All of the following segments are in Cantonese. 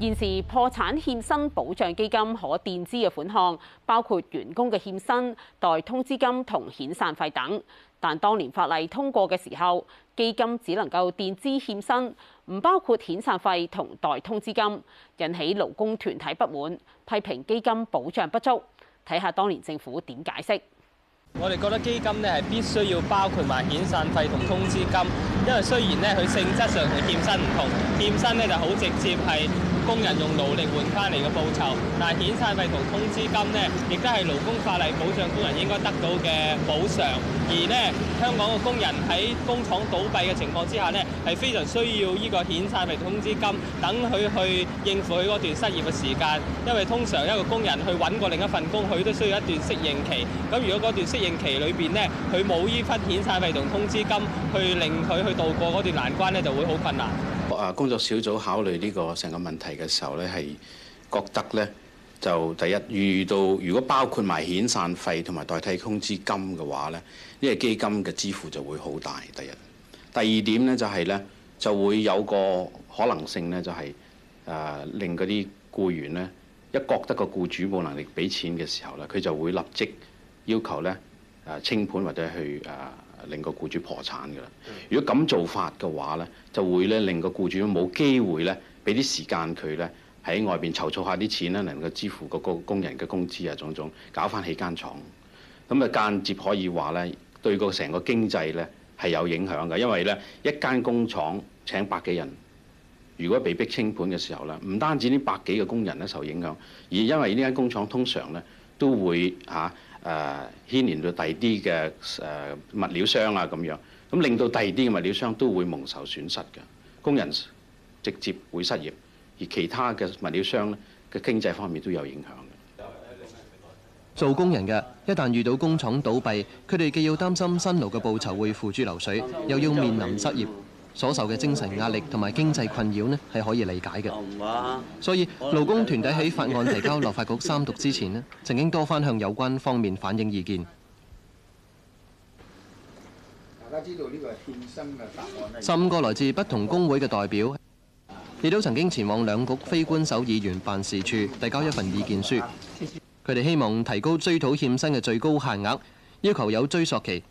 現時破產欠薪保障基金可墊支嘅款項，包括員工嘅欠薪、代通知金同遣散費等。但當年法例通過嘅時候，基金只能夠墊支欠薪，唔包括遣散費同代通知金，引起勞工團體不滿，批評基金保障不足。睇下當年政府點解釋。我哋覺得基金咧係必須要包括埋遣散費同通知金，因為雖然咧佢性質上同欠薪唔同，欠薪咧就好直接係，工人用勞力換翻嚟嘅報酬，但係遣散費同通知金呢，亦都係勞工法例保障工人應該得到嘅補償。而呢，香港嘅工人喺工廠倒閉嘅情況之下呢，係非常需要呢個遣散費同通知金，等佢去應付佢嗰段失業嘅時間。因為通常一個工人去揾過另一份工，佢都需要一段適應期。咁如果嗰段適應期裏邊呢，佢冇依筆遣散費同通知金去令佢去度過嗰段難關呢，就會好困難。啊！工作小組考慮呢個成個問題嘅時候咧，係覺得咧就第一遇到，如果包括埋遣散費同埋代替通知金嘅話咧，呢個基金嘅支付就會好大。第一，第二點咧就係咧就會有個可能性咧，就係啊令嗰啲僱員咧一覺得個僱主冇能力俾錢嘅時候咧，佢就會立即要求咧啊清盤或者去啊。呃令個僱主破產㗎啦！如果咁做法嘅話呢，就會咧令個僱主冇機會咧，俾啲時間佢咧喺外邊籌措下啲錢啦，能夠支付個工人嘅工資啊，種種搞翻起間廠。咁啊間接可以話呢，對個成個經濟呢係有影響㗎，因為呢一間工廠請百幾人，如果被逼清盤嘅時候呢，唔單止呢百幾個工人呢受影響，而因為呢間工廠通常呢。都會嚇誒、啊、牽連到第二啲嘅誒物料商啊咁樣，咁令到第二啲嘅物料商都會蒙受損失嘅，工人直接會失業，而其他嘅物料商咧嘅經濟方面都有影響嘅。做工人嘅，一旦遇到工廠倒閉，佢哋既要擔心辛勞嘅報酬會付諸流水，又要面臨失業。所受嘅精神壓力同埋經濟困擾呢，係可以理解嘅。所以勞工團體喺法案提交立法局三讀之前呢，曾經多番向有關方面反映意見。十五個來自不同工會嘅代表，亦都曾經前往兩局非官守議員辦事處遞交一份意見書。佢哋希望提高追討欠薪嘅最高限額，要求有追溯期，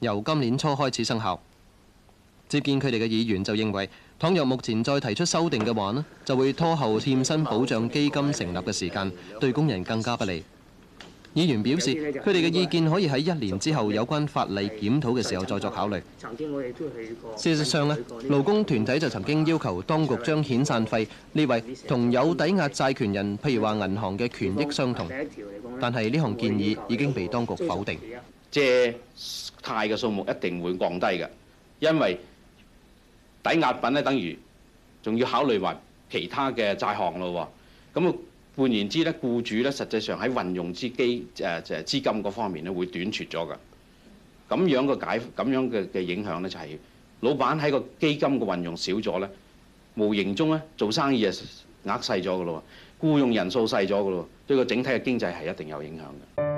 由今年初開始生效。接見佢哋嘅議員就認為，倘若目前再提出修訂嘅話咧，就會拖後欠薪保障基金成立嘅時間，對工人更加不利。議員表示，佢哋嘅意見可以喺一年之後有關法例檢討嘅時候再作考慮。事實上咧，勞工團體就曾經要求當局將遣散費列為同有抵押債權人，譬如話銀行嘅權益相同，但係呢項建議已經被當局否定。借貸嘅數目一定會降低嘅，因為抵押品咧，等於仲要考慮埋其他嘅債項咯喎。咁啊，換言之咧，僱主咧實際上喺運用資基誒誒資金嗰方面咧會短缺咗噶。咁樣嘅解，咁樣嘅嘅影響咧就係老闆喺個基金嘅運用少咗咧，無形中咧做生意啊壓細咗噶咯喎，僱用人數細咗噶咯，對個整體嘅經濟係一定有影響嘅。